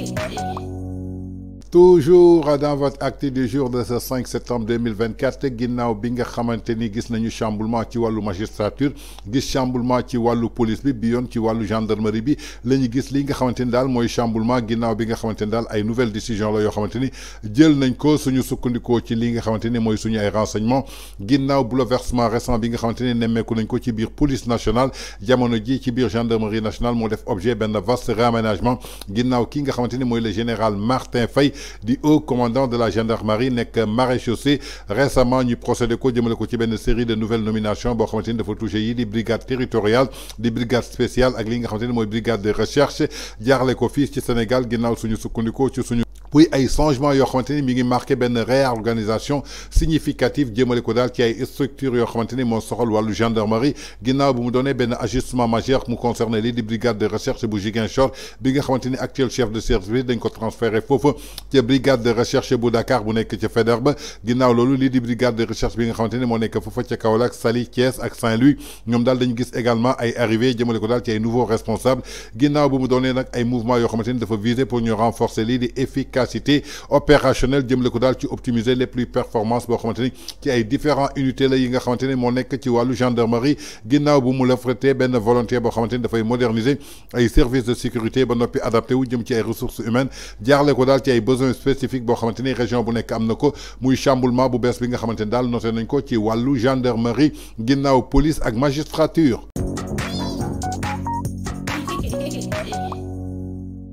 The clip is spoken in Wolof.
Yeah. toujours dans votre acte du jour de ce 5 septembre 2024 Ginnaw bi nga gis nañu chamboulement ci walu magistrature gis chamboulement ci walu police bi biyon ci walu gendarmerie bi lañu gis li nga xamanteni dal moy chamboulement ginnaaw bi nga xamante ni ay nouvelles décisions la yo xamanteni jël nañ ko suñu sukkandikoo ci li nga xamanteni moy suñu ay renseignements ginnaaw bouleversement récent bi nga xamanteni ni nañ ko ci biir police nationale jamono ji ci biir gendarmerie nationale mo def objet ben vaste réaménagement ginnaaw ki nga xamanteni moy le général Martin Faye du haut commandant de la gendarmerie nek maréchaussée récemment ñu procédé ko une ko ci ben série de nouvelles nominations bo xamanteni dafa touché yi di brigade territoriale di brigade spéciale ak li nga xamanteni moy brigade de recherche diarlé ko fii ci Sénégal ginnaw suñu sukkundiko ci suñu. Puis ay changement yo xamanteni mi ngi marqué ben réorganisation significative jëmale ko qui ci ay structure yo xamanteni mo moo soxal wàllu gendarmerie ginnaaw bu mu donné ben ajustement majeur mu concerner lii di brigade de recherche bu chor bi nga xamanteni actuel chef de service dañ ko transféré fofu ci brigade de recherche bu Dakar bu nekk ca Faidherbe ginnaaw loolu li di brigade de recherche bi nga xamanteni mo nek fofu ci ca Kaolack Saly Thiès ak Saint-Louis ñom dal dañu gis également ay arrivé jëmale ko daal ci ay nouveaux responsables ginnaaw bu mu donné nak ay mouvement yo xamanteni dafa viser pour ñu renforcer li di efficace efficacité opérationnelle jëmle ko dal ci optimiser les plus performances bo xamanteni ci ay différents unités la yi nga xamanteni mo nek ci walu gendarmerie ginnaw bu mu le frété ben volontaire bo xamanteni da fay moderniser ay services de sécurité ba nopi adapté wu jëm ci ay ressources humaines jaarle ko dal ci ay besoins spécifiques bo xamanteni région bu nek amna ko muy chamboulement bu bes bi nga xamanteni dal noté nañ ko ci walu gendarmerie ginnaw police ak magistrature